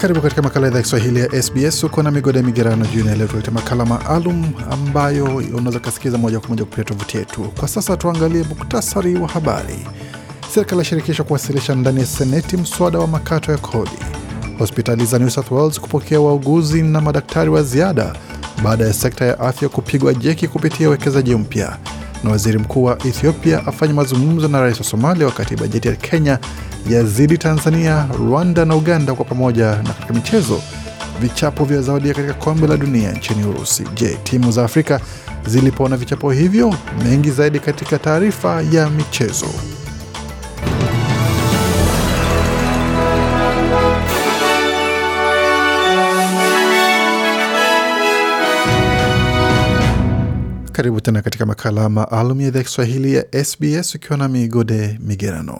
Karibu katika makala idhaa Kiswahili ya SBS. Uko na migode ya migerano juu leo tuleta makala maalum ambayo unaweza kusikiliza moja kwa moja kupitia tovuti yetu. Kwa sasa, tuangalie muktasari wa habari. Serikali ya shirikisho kuwasilisha ndani ya seneti mswada wa makato ya kodi. Hospitali za New South Wales kupokea wauguzi na madaktari wa ziada baada ya sekta ya afya kupigwa jeki kupitia uwekezaji mpya na waziri mkuu wa Ethiopia afanya mazungumzo na rais wa Somalia, wakati bajeti ya Kenya yazidi Tanzania, Rwanda na Uganda kwa pamoja. Na katika michezo, vichapo vya zawadia katika kombe la dunia nchini Urusi. Je, timu za Afrika zilipona vichapo hivyo? Mengi zaidi katika taarifa ya michezo. Karibu tena katika makala maalum ya idhaa Kiswahili ya SBS ukiwa na migode migerano.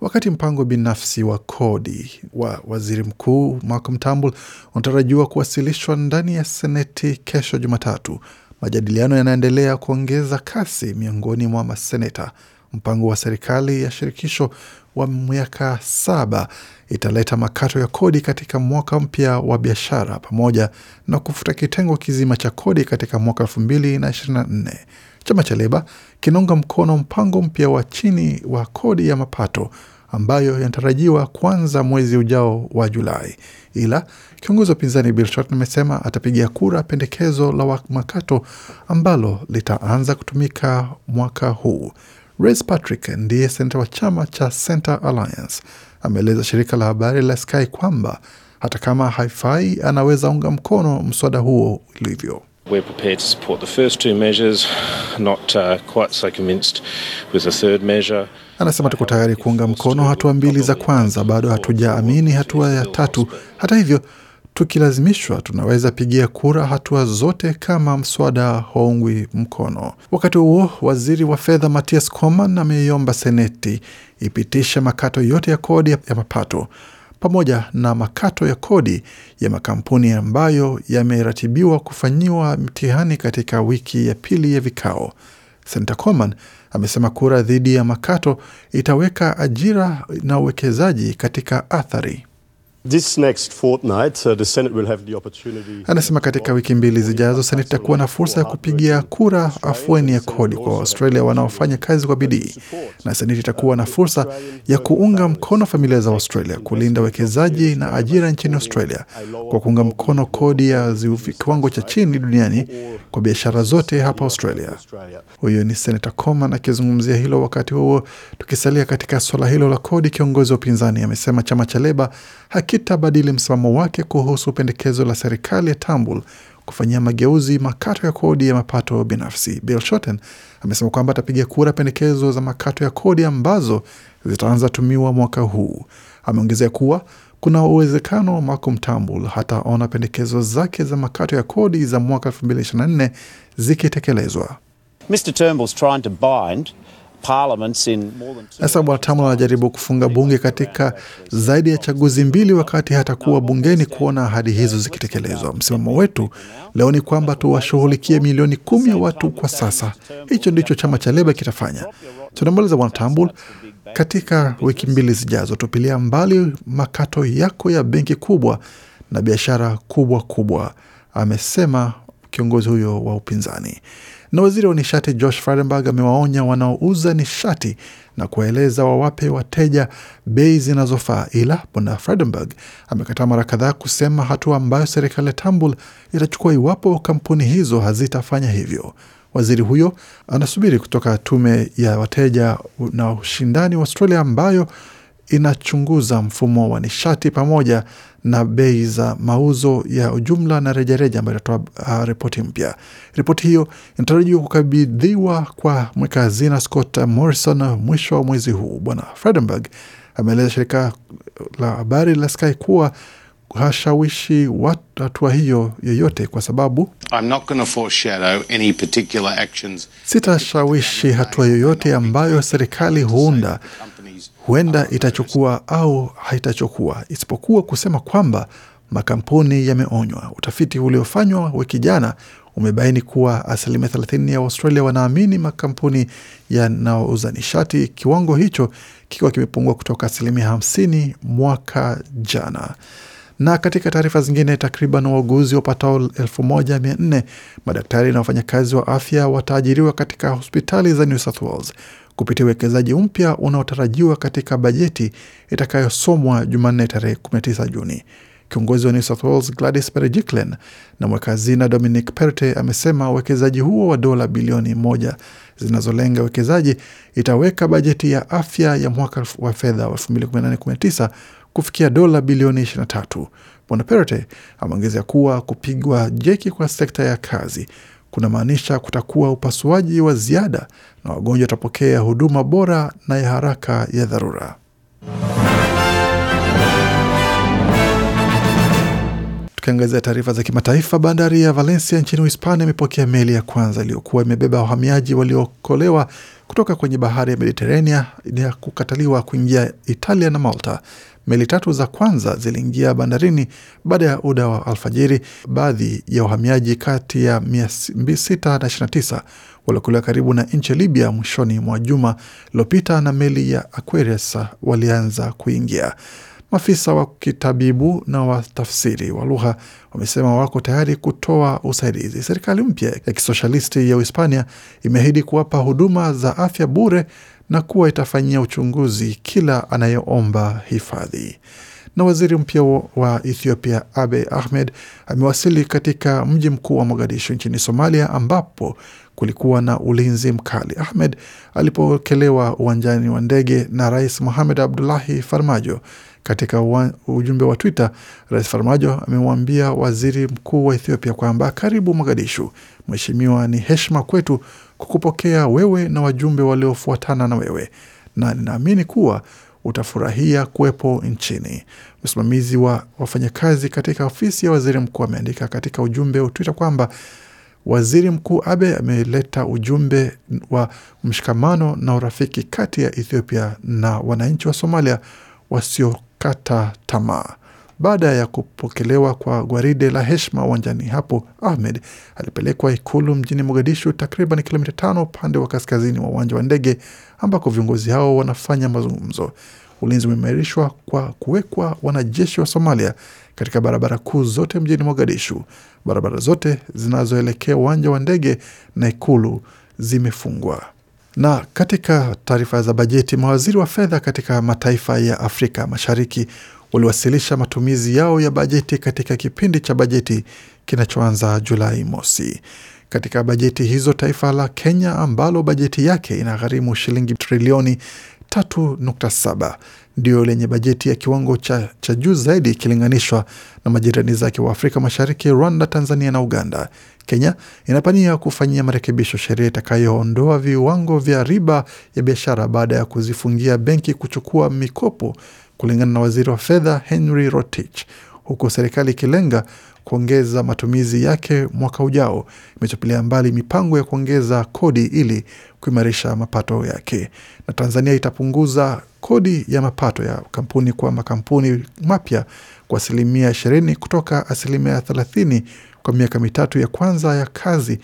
Wakati mpango binafsi wa kodi wa waziri mkuu Malcolm Turnbull unatarajiwa kuwasilishwa ndani ya seneti kesho Jumatatu, majadiliano yanaendelea kuongeza kasi miongoni mwa maseneta Mpango wa serikali ya shirikisho wa miaka saba italeta makato ya kodi katika mwaka mpya wa biashara pamoja na kufuta kitengo kizima cha kodi katika mwaka 2024. Chama cha Leba kinaunga mkono mpango mpya wa chini wa kodi ya mapato ambayo yanatarajiwa kuanza mwezi ujao wa Julai, ila kiongozi wa upinzani amesema atapigia kura pendekezo la makato ambalo litaanza kutumika mwaka huu. Rais Patrick ndiye seneta wa chama cha Center Alliance ameeleza shirika la habari la Sky kwamba hata kama haifai, anaweza unga mkono mswada huo ulivyo. Uh, Anasema tuko tayari kuunga mkono hatua mbili za kwanza, bado hatujaamini hatua ya tatu. Hata hivyo Tukilazimishwa tunaweza pigia kura hatua zote kama mswada haungwi mkono. Wakati huo, waziri wa fedha Matias Coman ameiomba Seneti ipitishe makato yote ya kodi ya mapato pamoja na makato ya kodi ya makampuni ambayo yameratibiwa kufanyiwa mtihani katika wiki ya pili ya vikao. Senata Coman amesema kura dhidi ya makato itaweka ajira na uwekezaji katika athari. Uh, Anasema katika wiki mbili zijazo Senate itakuwa na fursa ya kupigia kura afueni ya kodi kwa Waustralia wanaofanya kazi kwa bidii, na Senate itakuwa na fursa ya kuunga mkono familia za Australia, kulinda wekezaji na ajira nchini Australia kwa kuunga mkono kodi ya kiwango cha chini duniani kwa biashara zote hapa Australia. Huyo ni Senata Coman akizungumzia hilo. Wakati huo tukisalia katika swala hilo la kodi, kiongozi wa upinzani amesema chama cha Leba hakitabadili msimamo wake kuhusu pendekezo la serikali ya Tambul kufanyia mageuzi makato ya kodi ya mapato binafsi. Bill Shorten amesema kwamba atapiga kura pendekezo za makato ya kodi ambazo zitaanza tumiwa mwaka huu. Ameongezea kuwa kuna uwezekano Malcolm Turnbull hataona pendekezo zake za makato ya kodi za mwaka 2024 zikitekelezwa. Mr. Turnbull's trying to bind sasa Bwana Tamla anajaribu kufunga bunge katika zaidi ya chaguzi mbili, wakati hatakuwa bungeni kuona ahadi hizo zikitekelezwa. Msimamo wetu leo ni kwamba tuwashughulikie milioni kumi ya watu kwa sasa. Hicho ndicho chama cha Leba kitafanya. Tunamaliza Bwana Tambul katika wiki mbili zijazo, tupilia mbali makato yako ya benki kubwa na biashara kubwa kubwa, amesema kiongozi huyo wa upinzani. Na waziri wa nishati Josh Frydenberg amewaonya wanaouza nishati na kuwaeleza wawape wateja bei zinazofaa, ila bwana Frydenberg amekataa mara kadhaa kusema hatua ambayo serikali ya Tambul itachukua iwapo kampuni hizo hazitafanya hivyo. Waziri huyo anasubiri kutoka tume ya wateja na ushindani wa Australia ambayo inachunguza mfumo wa nishati pamoja na bei za mauzo ya ujumla na rejareja ambayo itatoa uh, ripoti mpya. Ripoti hiyo inatarajiwa kukabidhiwa kwa mweka hazina Scott Morrison mwisho wa mwezi huu. Bwana Fredenberg ameeleza shirika la habari la Sky kuwa hashawishi hatua hiyo yoyote kwa sababu sitashawishi hatua yoyote ambayo serikali huunda huenda itachukua au haitachukua, isipokuwa kusema kwamba makampuni yameonywa. Utafiti uliofanywa wiki jana umebaini kuwa asilimia 30 ya Waustralia wanaamini makampuni yanaouza nishati, kiwango hicho kikiwa kimepungua kutoka asilimia 50 mwaka jana. Na katika taarifa zingine, takriban wauguzi wapatao 14 madaktari na wafanyakazi wa afya wataajiriwa katika hospitali za New South Wales kupitia uwekezaji mpya unaotarajiwa katika bajeti itakayosomwa Jumanne tarehe 19 Juni. Kiongozi wa New South Wales Gladys Berejiklian na mweka hazina Dominic Perte amesema uwekezaji huo wa dola bilioni moja zinazolenga uwekezaji itaweka bajeti ya afya ya mwaka wa fedha wa 2018 kufikia dola bilioni 23. Bwana Perote ameongezea kuwa kupigwa jeki kwa sekta ya kazi kunamaanisha kutakuwa upasuaji wa ziada na wagonjwa watapokea huduma bora na ya haraka ya dharura. Tukiangazia taarifa za kimataifa, bandari ya Valencia nchini Uhispania imepokea meli ya kwanza iliyokuwa imebeba wahamiaji waliookolewa kutoka kwenye bahari ya Mediterania ya kukataliwa kuingia Italia na Malta Meli tatu za kwanza ziliingia bandarini baada ya uda wa alfajiri. Baadhi ya wahamiaji kati ya 629 waliokolewa karibu na nchi ya Libya mwishoni mwa juma lilopita na meli ya Aquarius walianza kuingia. Maafisa wa kitabibu na watafsiri wa lugha wamesema wako tayari kutoa usaidizi. Serikali mpya ya kisoshalisti ya Uhispania imeahidi kuwapa huduma za afya bure na kuwa itafanyia uchunguzi kila anayeomba hifadhi. Na waziri mpya wa Ethiopia Abe Ahmed amewasili katika mji mkuu wa Mogadishu nchini Somalia, ambapo kulikuwa na ulinzi mkali. Ahmed alipokelewa uwanjani wa ndege na Rais Mohamed Abdullahi Farmajo. Katika ujumbe wa Twitter, Rais Farmajo amemwambia waziri mkuu wa Ethiopia kwamba karibu Mogadishu mheshimiwa, ni heshima kwetu kukupokea wewe na wajumbe waliofuatana na wewe, na ninaamini kuwa utafurahia kuwepo nchini. Msimamizi wa wafanyakazi katika ofisi ya waziri mkuu ameandika katika ujumbe wa Twitter kwamba Waziri Mkuu Abe ameleta ujumbe wa mshikamano na urafiki kati ya Ethiopia na wananchi wa Somalia wasiokata tamaa. Baada ya kupokelewa kwa gwaride la heshima uwanjani hapo, Ahmed alipelekwa ikulu mjini Mogadishu, takriban kilomita tano upande wa kaskazini wa uwanja wa ndege ambako viongozi hao wanafanya mazungumzo. Ulinzi umeimarishwa kwa kuwekwa wanajeshi wa Somalia katika barabara kuu zote mjini Mogadishu. Barabara zote zinazoelekea uwanja wa ndege na ikulu zimefungwa. Na katika taarifa za bajeti, mawaziri wa fedha katika mataifa ya Afrika Mashariki waliwasilisha matumizi yao ya bajeti katika kipindi cha bajeti kinachoanza Julai mosi. Katika bajeti hizo, taifa la Kenya ambalo bajeti yake inagharimu shilingi trilioni 3.7 ndio lenye bajeti ya kiwango cha, cha juu zaidi ikilinganishwa na majirani zake wa Afrika Mashariki, Rwanda, Tanzania na Uganda. Kenya inapania kufanyia marekebisho sheria itakayoondoa viwango vya riba ya biashara baada ya kuzifungia benki kuchukua mikopo kulingana na waziri wa fedha Henry Rotich, huku serikali ikilenga kuongeza matumizi yake mwaka ujao, imetupilia mbali mipango ya kuongeza kodi ili kuimarisha mapato yake. Na Tanzania itapunguza kodi ya mapato ya kampuni kwa makampuni mapya kwa asilimia ishirini kutoka asilimia thelathini kwa miaka mitatu ya kwanza ya kazi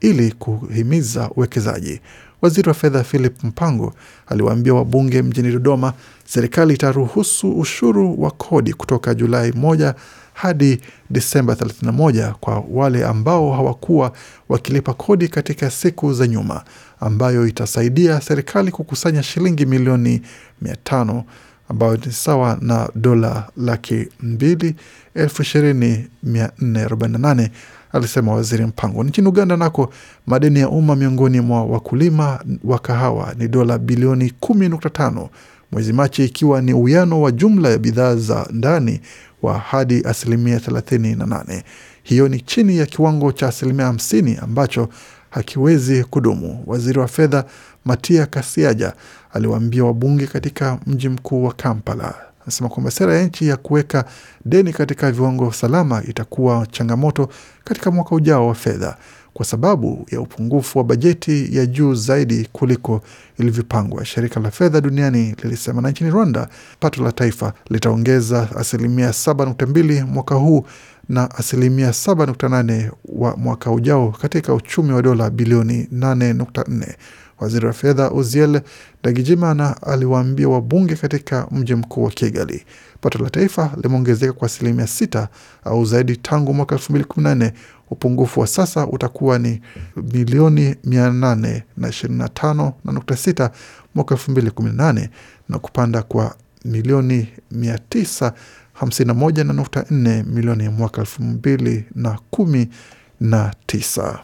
ili kuhimiza uwekezaji. Waziri wa fedha Philip Mpango aliwaambia wabunge mjini Dodoma serikali itaruhusu ushuru wa kodi kutoka Julai moja hadi Disemba 31 kwa wale ambao hawakuwa wakilipa kodi katika siku za nyuma, ambayo itasaidia serikali kukusanya shilingi milioni 500 ambayo ni sawa na dola laki mbili elfu ishirini mia nne arobaini na nane alisema waziri Mpango. Nchini Uganda nako madeni ya umma miongoni mwa wakulima wa kahawa ni dola bilioni 10.5 mwezi Machi, ikiwa ni uwiano wa jumla ya bidhaa za ndani wa hadi asilimia 38. Hiyo ni chini ya kiwango cha asilimia 50 ambacho hakiwezi kudumu. Waziri wa fedha Matia Kasiaja aliwaambia wabunge katika mji mkuu wa Kampala. Anasema kwamba sera ya nchi ya kuweka deni katika viwango salama itakuwa changamoto katika mwaka ujao wa fedha kwa sababu ya upungufu wa bajeti ya juu zaidi kuliko ilivyopangwa, shirika la fedha duniani lilisema. Na nchini Rwanda, pato la taifa litaongeza asilimia 7.2 mwaka huu na asilimia 7.8 wa mwaka ujao katika uchumi wa dola bilioni 8.4 Waziri wa fedha Uziel Dagijimana aliwaambia wabunge katika mji mkuu wa Kigali pato la taifa limeongezeka kwa asilimia sita au zaidi tangu mwaka 2014. Upungufu wa sasa utakuwa ni milioni sita mwaka 2018 na kupanda kwa milioni 951.4 milioni mwaka 2019.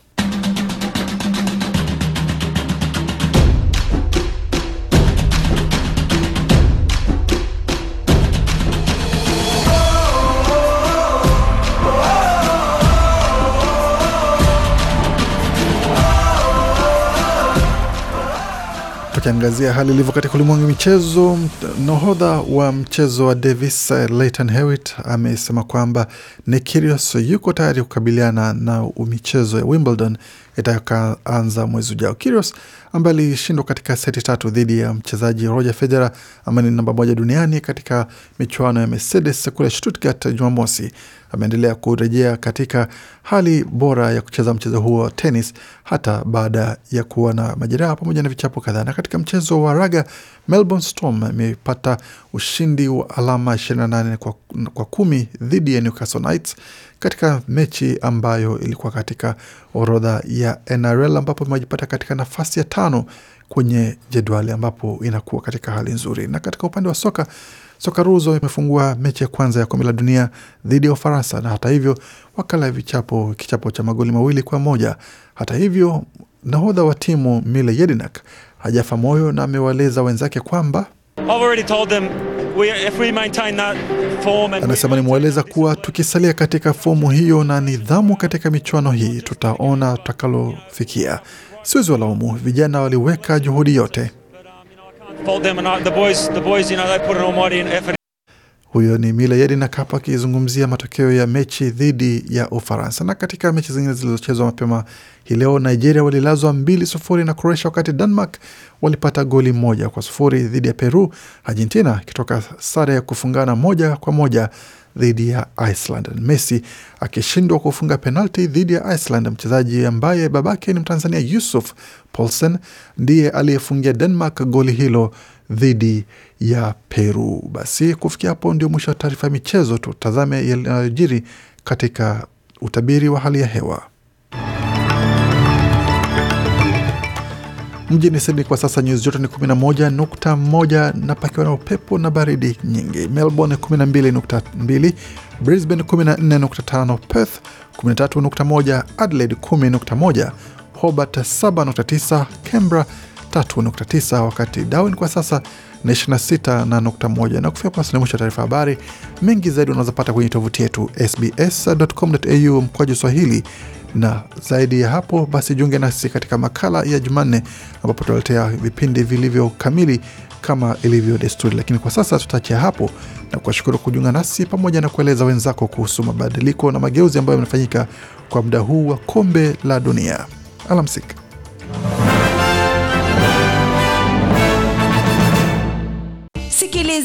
tukiangazia hali ilivyo katika ulimwengu michezo. Nahodha wa mchezo wa Davis Leighton Hewitt amesema kwamba Nick Kyrgios yuko tayari kukabiliana na michezo ya Wimbledon itakaanza mwezi ujao. Kyrgios ambaye alishindwa katika seti tatu dhidi ya mchezaji Roger Federer ambaye ni namba moja duniani katika michuano ya Mercedes kule Stuttgart Jumamosi, ameendelea kurejea katika hali bora ya kucheza mchezo huo wa tenis hata baada ya kuwa na majeraha pamoja na vichapo kadhaa. Na katika mchezo wa raga, Melbourne Storm amepata ushindi wa alama 28 kwa, kwa kumi dhidi ya Newcastle Knights katika mechi ambayo ilikuwa katika orodha ya NRL ambapo imejipata katika nafasi ya tano kwenye jedwali ambapo inakuwa katika hali nzuri. Na katika upande wa soka Sokaruzo imefungua mechi ya kwanza ya kombe la dunia dhidi ya Ufaransa, na hata hivyo wakala vichapo kichapo cha magoli mawili kwa moja. Hata hivyo nahodha wa timu Mile Jedinak hajafa moyo na amewaeleza wenzake kwamba Anasema nimweleza kuwa tukisalia katika fomu hiyo na nidhamu katika michuano hii, tutaona tutakalofikia. Siwezi walaumu vijana, waliweka juhudi yote. Huyo ni Mila Yedina Kapo akizungumzia matokeo ya mechi dhidi ya Ufaransa. Na katika mechi zingine zilizochezwa mapema hii leo, Nigeria walilazwa mbili sufuri na Croatia, wakati Denmark walipata goli moja kwa sufuri dhidi ya Peru, Argentina ikitoka sare ya kufungana moja kwa moja dhidi ya Iceland. Messi akishindwa kufunga penalti dhidi ya Iceland, mchezaji ambaye babake ni Mtanzania Yusuf Paulsen ndiye aliyefungia Denmark goli hilo dhidi ya Peru. Basi kufikia hapo ndio mwisho wa taarifa ya michezo. Tutazame yanayojiri katika utabiri wa hali ya hewa. Mjini Sydney kwa sasa nyuzi joto ni 11.1 na pakiwa na upepo na baridi nyingi. Melbourne 12.2, Brisbane 14.5, Perth 13.1, Adelaide 10.1, Hobart 7.9, Canberra 3.9, wakati Darwin kwa sasa na 26.1. Na kufika pasi na mwisho wa taarifa habari. Mengi zaidi unaweza pata kwenye tovuti yetu sbs.com.au mkwaju Swahili na zaidi ya hapo basi, jiunge nasi katika makala ya Jumanne ambapo tutaletea vipindi vilivyo kamili kama ilivyo desturi. Lakini kwa sasa tutaachia hapo na kuwashukuru kujiunga nasi pamoja na kueleza wenzako kuhusu mabadiliko na mageuzi ambayo yamefanyika kwa muda huu wa kombe la dunia. alamsika